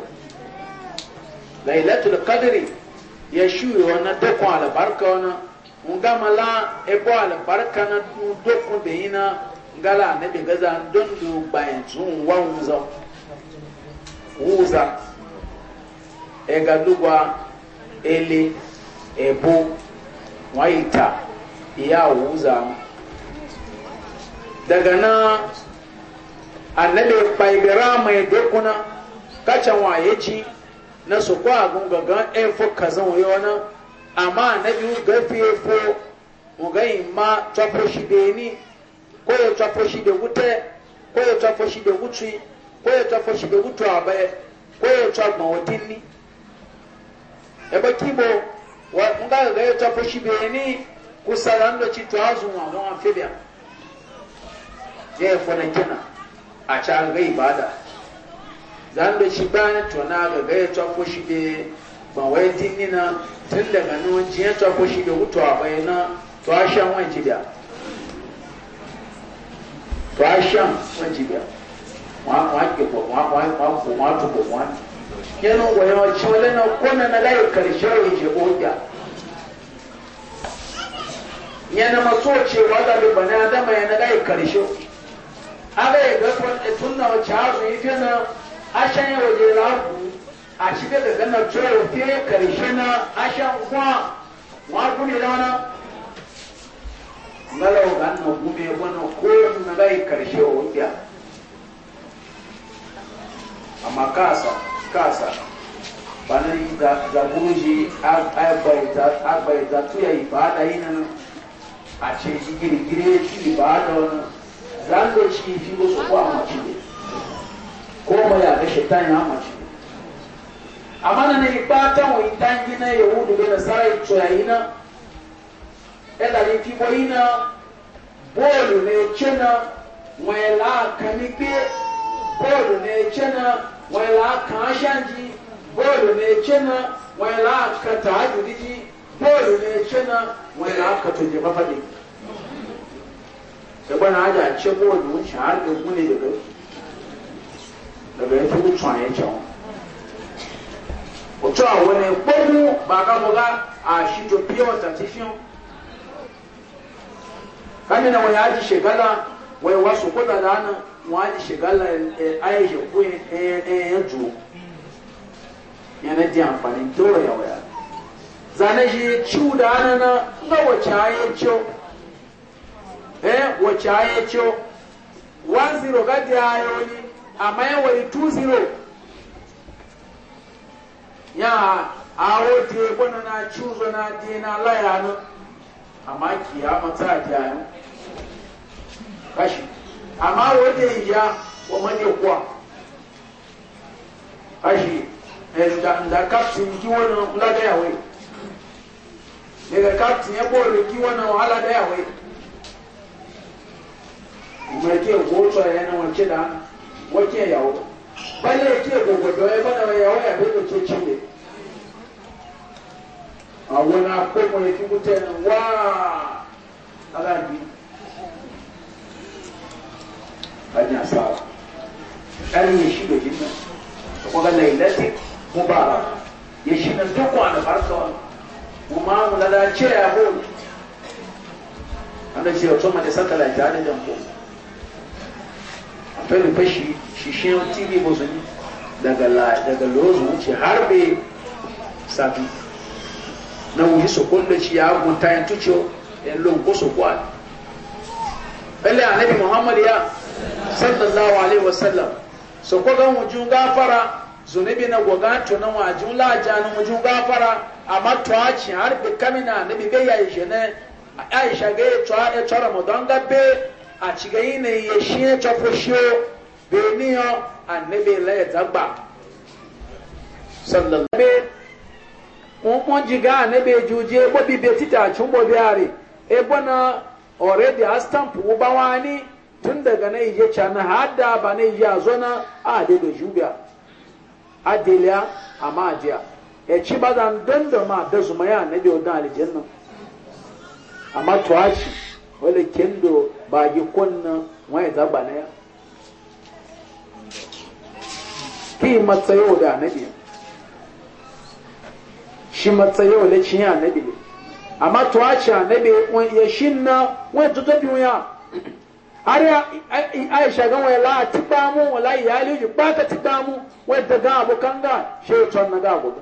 [SPEAKER 1] lailatul qadr ya shi na dukkan albarka wani ngamala ebo albarka na dukkan da yi na gala na bi gaza don du bayan tun wanzan wuza egalugwa ele ebo waita iya wuza daga na annabi kpaibira mai dekuna kacan waye ci na su kwa gungagan efo kazan wayona amma annabi gafi efo ugayi ma tsofo shi da ni ko ya tsofo shi da wute ko ya tsofo shi da wuci ko ya tsofo shi da wutu abai ko ya tsofo mawatini ebe kibo wa nga ga ya be ni kusalan da ci tazu wa mu an fibiya fona kina a ca ga ibada zan da shi bayan to na be ba wai tinni na tun be wuto a bayana shan wan jibiya to a shan wan jibiya wa wa ke ko wa yana wayo chole na kona na gai karshe yake oja yana maso cewa da bana adama yana gai karshe aga ya ga e tunna wacce hazu yi fina ashan ya waje lagu a shi daga ganar cewa te karshe na ashan kwa wa kuni rana ngalau ga na gume wani ko na gai karshe oja a makasa kasa banan zagunji za tuya ibada yinan a ce shi girgire ci ibada wani zando ci fi wasu ko a mace ne ko ma ya ga shaitan ya mace ne na ne ibata wa itan gina yahudu da nasarai tuya yinan ẹ̀dà ni fi ina yinan bọ́ọ̀lù ne kyena wọ́n yẹ láàkà ní gbé bọ́ọ̀lù ne chena wọ́n là á kàn án ṣáàjì bọ́ọ̀lù ní ẹ̀kyẹ́ náà wọ́n là á kàtà àjòjì jì bọ́ọ̀lù ní ẹ̀kyẹ́ náà wọ́n là á kàtà òjì pápá dì. ṣùgbọ́n náà àjà àkyẹ́ bọ́ọ̀lù ń ṣàn án egun ní yẹ̀dọ̀ lọ́bẹ̀rẹ̀ tó ń tún àyẹ̀ pure certification. kámi náà wọ́n yà á di ṣègádà wọ́n yà wá wọ́n ti ṣègálà ayé ìṣòkú ẹ̀yẹ jù yẹn na di àǹfààní dọ́rọ̀ yàwó zane shi ciwo da anana, na nga wacce ayé ciwo eh wacce ayé ciwo one zero di ayé wani? ama yẹn wọ̀nyí two zero yà awo di ebo na na ciwo na di na laya no amma kìí di amma wanda ya ja wa manya kuwa ashi eh, da captain ki wani kula da yawai daga captain ya bori ki wannan wahala da yawai mai ke goto yana wance da wace yawo balle ke gogodo ya bana yawo ya bai da ke cire a wani akwai mai fi mutane wa ala biyu hanyar sa'a ƙarni ya da jinna da kuma lailati mubarak ya shi nan duk wani farkawa kuma mu ce ya hori ana ce wato mata saka lafiya da jambo a fai rufe shi shishin tv musulmi daga lai, daga lozu wuce har bai sabi na wuyi su kulle shi ya gunta yin tuciyo yan lungu su kwani. a Annabi Muhammadu ya sallallahu alaihi wasallam so ko gan wujun gafara zunubi na goga to na wajun laja na wujun gafara amma to a ci har bi kamina na bi ga yayi jene aisha ga ya to a to ramadan ga be a ci ga yin ya shi ya to fushiyo be ni yo annabi la ya zagba. sallallahu alaihi wasallam ko jiga annabi juje bo bi be tita chumbo biare e bona already a stamp wo bawani tun daga na ije cana hada ba na yi a zona a de da juga a deliya a ma ajiya ya ci ba da don da ma da zuma ya na da wadda alijin nan amma tuwaci wale kendo ba gi kunna wani zaba na ya ki matsayo da anabi shi matsayo da cin anabi amma na anabi ya shi na wani tutobi ya har aisha gan wai la ti damu wala iyali ji ba ta ti damu wai daga abokan ga shaitan na ga gudu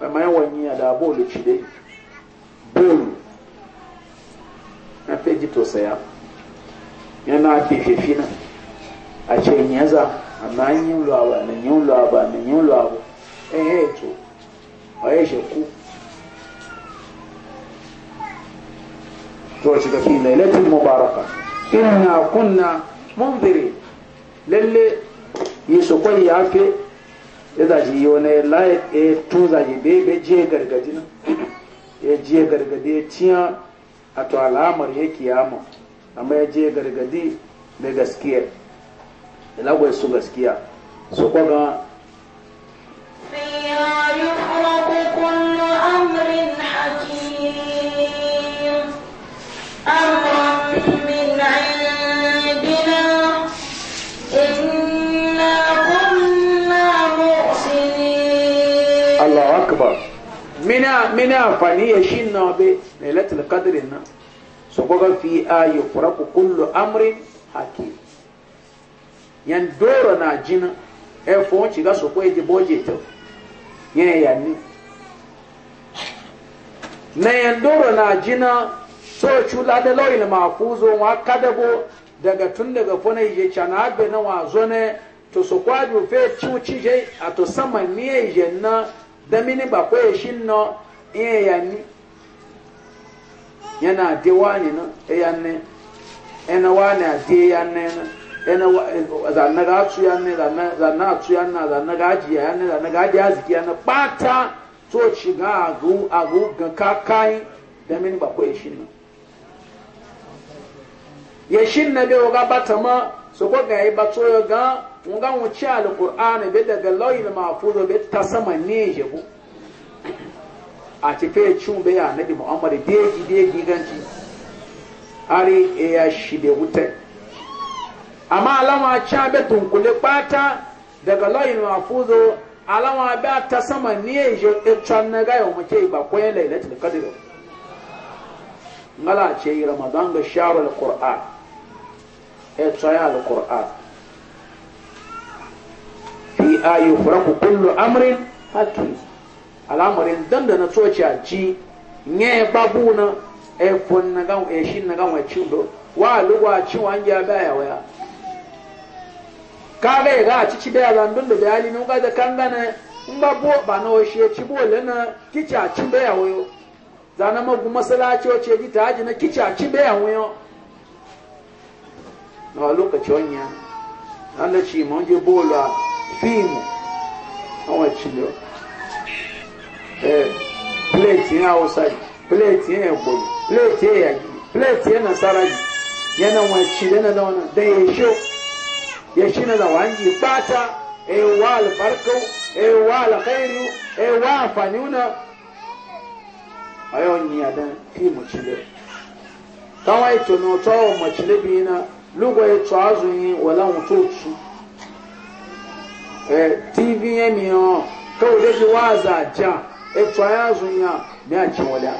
[SPEAKER 1] mai mai wani ya da bolu ci dai bolu na feji to saya yana fififi na a ce nyaza a na yin lawa na yin lawa na yin lawa eh eh to a yi sheku to shiga fi lailatul mubaraka inna kunna munziri lalle yi su kwai ya fe ya zaji yi wani laye ya to zaji bai bai je gargadi na ya je gargadi ya ciya a to alamar ya kiyama amma ya je gargadi da gaskiya ila gwai su gaskiya su kwaga فيها يفرق
[SPEAKER 2] كل أمر حكيم
[SPEAKER 1] mina amfani ya shi na wabe na ilatul kadirin nan su gwagwar fi ayo furaku kullu amri haki yan doro na jina efo wanci ga su kwaye jibo jeto yan yanni na yan doro na jina so cula da lauyin mafuzo wa kadabo daga tun daga fana je cana abe na wa zone to so kwadu fe cuci je a sama niye je na da mini ba ko shin no iya ya ni yana dewa ni na e ya ne ena wa ne ade ya ne na ena wa e, za na ga su ya ne za na za na su ya na za na ga ji ya ne za na ga ji aziki ya na pata to ci ga agu agu ga kakai da mini ba ko shin no yashin na bai waga bata ma su ko ga yi bato ya ga nga mu ci alqur'ani bai daga lawil mahfuz bai ta sama ne je ko a ti fe cin bai annabi muhammad deji deji ganci ari e ya shi da wuta amma alama cha be tunkule pata daga lawil mahfuz alama ba ta sama ne je e chan na ga yo mu ke ba ko lailatul qadr ngala ce ramadan ga sharul qur'an ya eh, tsaye alkur'an a yi furaku kullu amrin hakim al'amarin dan da na tsoci a ji nye babu na e fon na gan e na gan wa cindo wa lugwa ci wa ngiya ba ya waya ka ga ga ci ci da ran dun da bayani mun ga da kan gana in na shi ci bo le na kici a ci ba ya wayo zana magu masalaci wace ta a ci ba ya wayo E, na lokaci wanya an da ci mun je bola fim an wacce da eh plate yin hausa plate ya egbo plate yin yagi ya yin nasara yana wacce da na da wani da ya shi ya shi na da wani bata ewa albarkau ewa alkhairu ewa afaniuna ayon ni adan fim chile kawai tono to machile bina lugwa eh, ya tso azu yi wala mututu eh tv ya mi o k'o de deji waza ja e tso azu ya mi a ci wala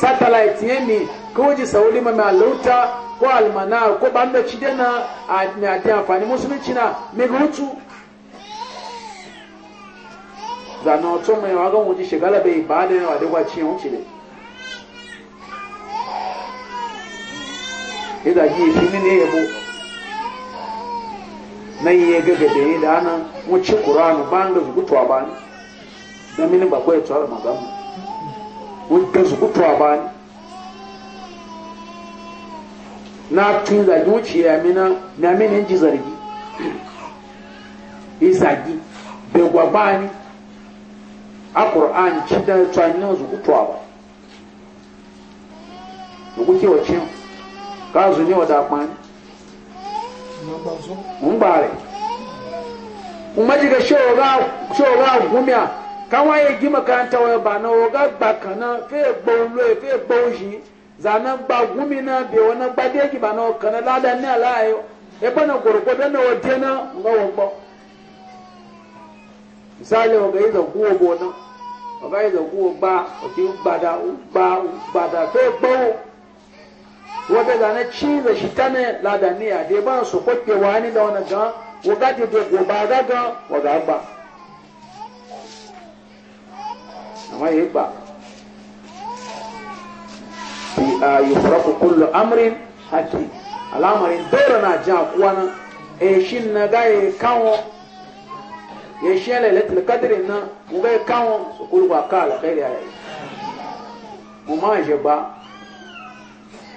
[SPEAKER 1] satellite ya mi ka o ji sauli ma mi aluta ko almana ko banda ci dana a mi a ti amfani musulunci na mi rutu zanen otu mai wagon wuji shigala bai ba da yawa da kwaci yawon cire ida ji fi ne yabo na yi ga gade ni da ana wuce kuranu ban da zugutuwa ba ne da mini ba kwa tsara alama ba mu da ba ne na tun zagi wuce ya mina na mini ji zargi izagi da gwaba ni a ƙur'an ci da tsanin zugutuwa ba da kuke cewa? káàsù ní ọ̀dà pan ń gbà rẹ̀ umajiga ṣọ́ọ̀rọ̀ àgúnmíà káwọn ayé jí makaranta wọn bà náà ọ̀gá gbà kan náà fẹ́ẹ̀ gbọ́ olú ẹ̀ fẹ́ẹ̀ gbọ́ òṣì zànà gba gúnmí náà bẹ̀ wọn náà gbadé jì bà náà kan náà ládàá ní àláyọ ẹgbẹ́ náà gbòrògbò bẹ́ẹ̀ náà wọ́n dé náà ń gbọ́ wọn gbọ́ misali ọ̀gá yìí lọ́kú owó náà ọ̀gá yìí lọ́kú owó gbá òkè gbada gbá gbada fẹ́ẹ̀ gbọ́ wọn. wobe zane da shi ta tane ladaniya da ban su kwakke wani da wani gan waga de de goba ga gan waga ba amma yi ba fi a yi furaku kullu amrin haki alamarin dole na ji akuwa na e shi na ga e e ya kawo ya shi yana ilatul kadirin na ga ya kawo su kulwa ka alkhairi a yi mu ma je ba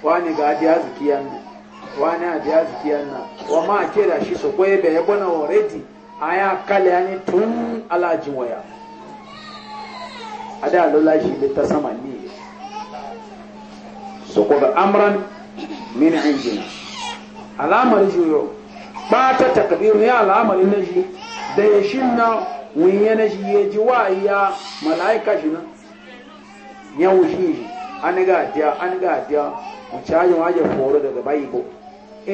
[SPEAKER 1] wani ga adiya zikiyan wani a adiya zikiyan na wa ma ke da shi su so ko ebe ya a ya kala ya yani tun alajin waya a da lola shi bai ta sama ni su kwa ga amran mini indina alamar juyo ba ta takdiru ya alamar na shi da ya shi na wunye na shi ya ji wa iya mala'ika shi na yawon shi shi an ga diya an ga diya wace hajji wa ya foro daga bayi ina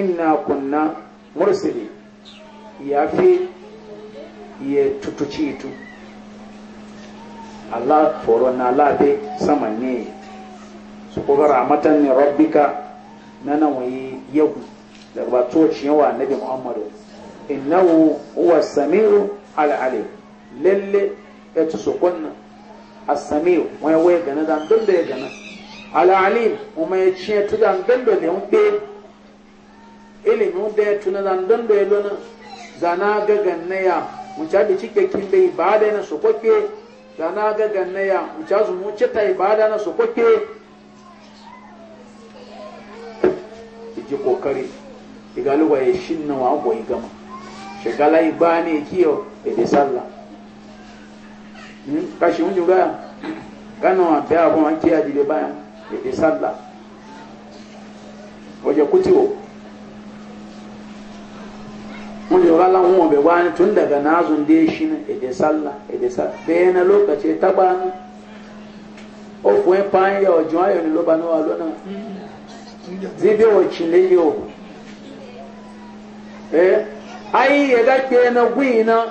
[SPEAKER 1] inna kunna mursili ya fi ya tutuci tu Allah foro na labe sama ne su kuka ramatan ne rabbika na nan wani yau daga ba tocin yawa bi muhammadu innahu huwa sami'u al'alim lalle ya ci su kunna as-sami'u wani waya gana dan duk da ya gana alalim uma ya ciye tu zan dondo ne un pe ilimin da ya tuna zan dondo ya lona zana ga gannaya wuce da cike kin da ibada na sokoke zana ga gannaya wuce su mu cita ibada na sokoke ji kokari ya wa goyi gama ibani kiyo ede sallah hmm, kashi bayan ya sallah waje kutiwo mun yi wala hun bai wani tun daga nazun da shi ne ede sallah ede sallah bai na lokaci ta ban ofu ya e pan ya ojo ayo ni loba nawa lona zibe wa cile yo eh ai ya e ga ke na gwi na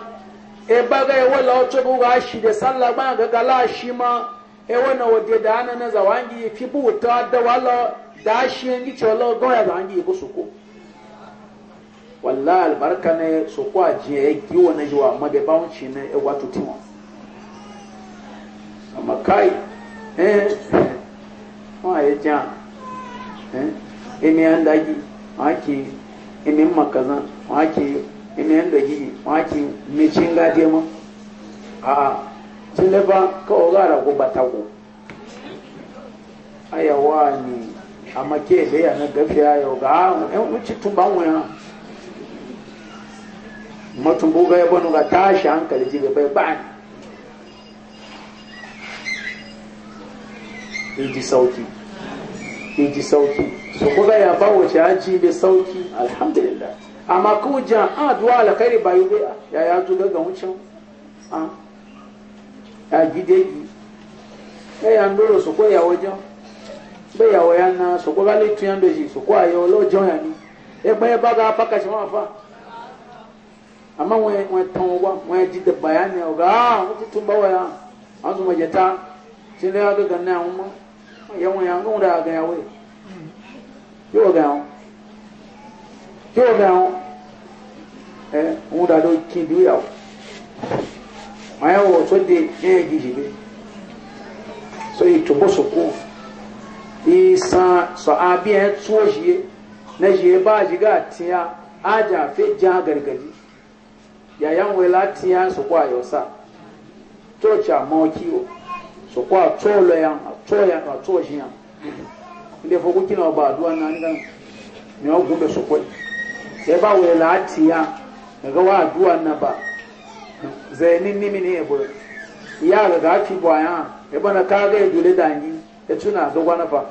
[SPEAKER 1] e baga ya e wala ocho ga shi da sallah ba ga gala shi ma ewana wode dana na zawangi fibu ta, da wala da shiyangi cholo go ya zawangi ko suku. wallahi albarka ne suku suko aje ki wona jiwa mabe baunci ne e watu timo amma kai eh wa ya ja eh emi andagi aki emi makaza aki emi andagi aki mechinga dema a ah, ah. tileba kawo gara ko batago ayawa ni a make da yana gafiya yau ga yan e, wuce tumban wuya matumbu ga yabo ga tashi hankali jibe bai ba iji e sauki iji e sauki su kuga ya ba wace haji da sauki alhamdulillah amma kujan a duwa alkhairi bayu bai ya ya tuga ga wucin a eya ẹ̀yà ń lóró sòkó ìyàwó jọ́ bẹ́ẹ̀ ìyàwó ya na sòkó bá lè ya yà ń ya ni ẹgbẹ́ yẹn bá ga apákàtí wọn fa àmọ́ ya na ya ta tí ní wàá gànà àwọn mọ́ yẹ wọn yà ya gbọ́n dà gànyàwó yẹ kí wọ́n gànyàwó kí wọ́n gànyàwó ya ma ya wọ de ẹ gidi bi so ìtòbó sòkò ìsàn sọ abí ẹ tó na yìí bá yìí tiya ájà fẹ já gàdìgàdì yàyà ń wẹlá tiya sòkò àyọsà chọọchì àmọ kí o sòkò àtọ lọ ya àtọ ya àtọ yìí ya ndé fọwọ́ ọba àdúrà náà nígbà ní ọgùn bẹ sòkò yìí wa nini nimi ne yabo ya ga gafi bwaya ya e na ka ga dole da ni ya e tuna dogwa na fa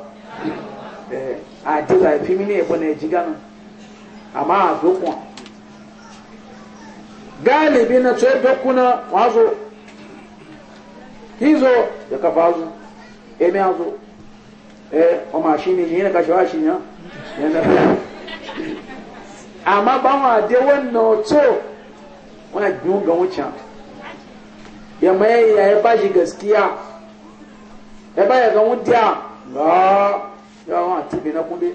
[SPEAKER 1] eh a ti da e fi mini ebe na ji gano amma a dokon galibi na tsoye dokuna wazo kizo ya kafa zu emi azu eh o ma shi ne ne ka shi wa shi ne amma ba ma de wannan to wani biyu ga wucin ya maye ya ya ba shi gaskiya ya ba ya ga wudiya ga ya wa tibi na kuɗi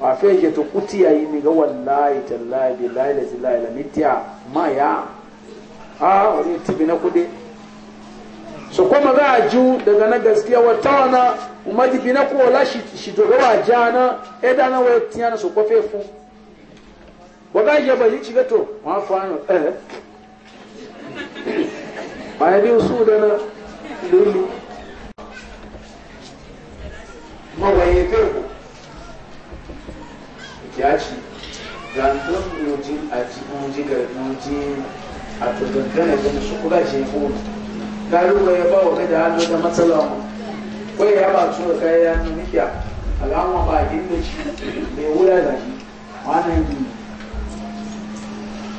[SPEAKER 1] ba fe ke to kuti ya yi ni ga wallahi tallahi billahi la ilaha illa mitiya ma ya a wani tibi na kuɗi so kuma ga a ju daga na gaskiya Wa tawana umadi bi na la shi to ga wajana na wa tiyana so kofe fu. bọ́gá ìjọba yìí ti bẹ́ tó wọ́n á fọ àrùn ẹ̀ báyìí bí oṣù dáná lólu mọ wọ̀nyí bẹ́ẹ̀kù ìjáàjì gbàndó lòdì àti oúnjẹ gàdúndì àtọ̀gbọ̀ngàn ẹ̀gbọ́n sọ́kúrà ko. fóònù gari waya ba wa da hannu da matsala mu ya ba su da kaya ya nufi alama ba gindin mai wula da shi wannan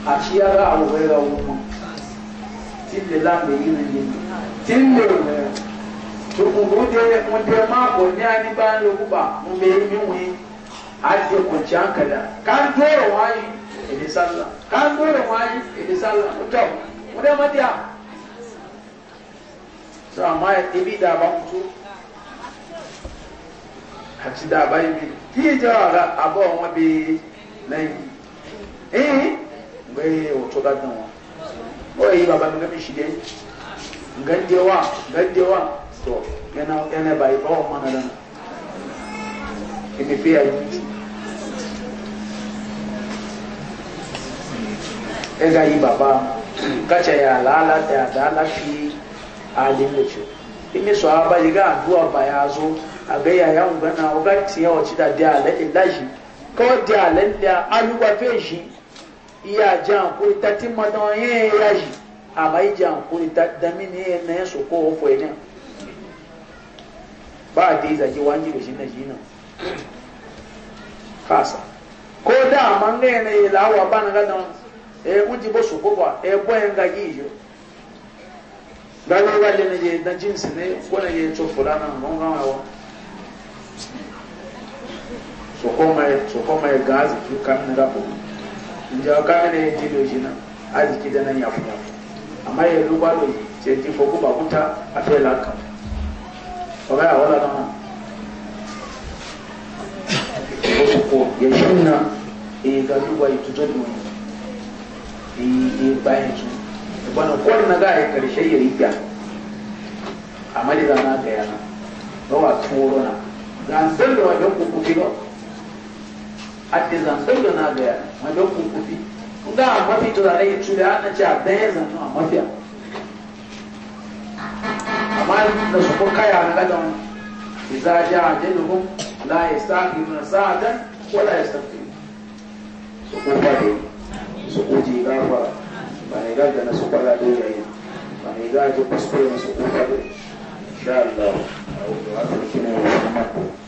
[SPEAKER 1] a ci ya ga abu bai ga wuma tilde lambe yi na yi tilde tukungu de mude ma ko ni ani ba lo ku ba mu be mi wi a ti ko janka da kan doro wai ele salla kan doro wai ele salla to mu da ma dia so amma ibi da ba mutu àti dàbá ibi kí ìjọ àbọ̀ wọn bí lẹ́yìn. gai wato gadon wa wai yi baba ga shi dai gaddewa gaddewa to yana yana bai ba wa mana nan kimi fiya yi e ga yi baba kacha ya lalata ya da lafi alin da ce imi e so aba yi ga aduwa ba ya zo a ga ya yan gana o ga tiya wa ci da da lafi lashi ko da lalle a yi e wa fe shi iya ji hankuri ta ti madan yin ya ji amma yi ji hankuri ta dami ne na yin soko ko ofo ne ba a ta yi zaki wani da shi na shi kasa ko da amma ne na yi lawa ba na gadon e wuji bo su ko ba e bo yin gagi yi gano gale na je na jinsi ne ko na je to fulana mun gama wa so mai so ko mai gazi ki kan na da njẹ ọka ẹna yẹ ti lòdì náà aziki dana nyafu yafu àmà yẹ lóba lòdì tẹ ti fọkú bàkúta afẹ làkà wala yà wọlé náà òkùnkùn yẹ sùn náà èyí gàdúgbà yìí tuntun dùn yìí èyí báyìí tún ìbọn kọ́ni náà gà yẹ kẹrìṣẹ́ yẹ yìí gbà àmà yẹ dàná gẹ̀yà ati zan sai da na gaya ma kun kufi kun ga a mafi turare ya cuda ana ce a ɗaya zan a mafiya amma da su ko kaya na gadon iza ja a jaluhun la ya sa na sa'atan
[SPEAKER 3] ko la ya sa ki su ko fare su ji ba ne gaga na su kwala doya ba ne kuskure na su ko fare insha Allah a wani wasu kina yi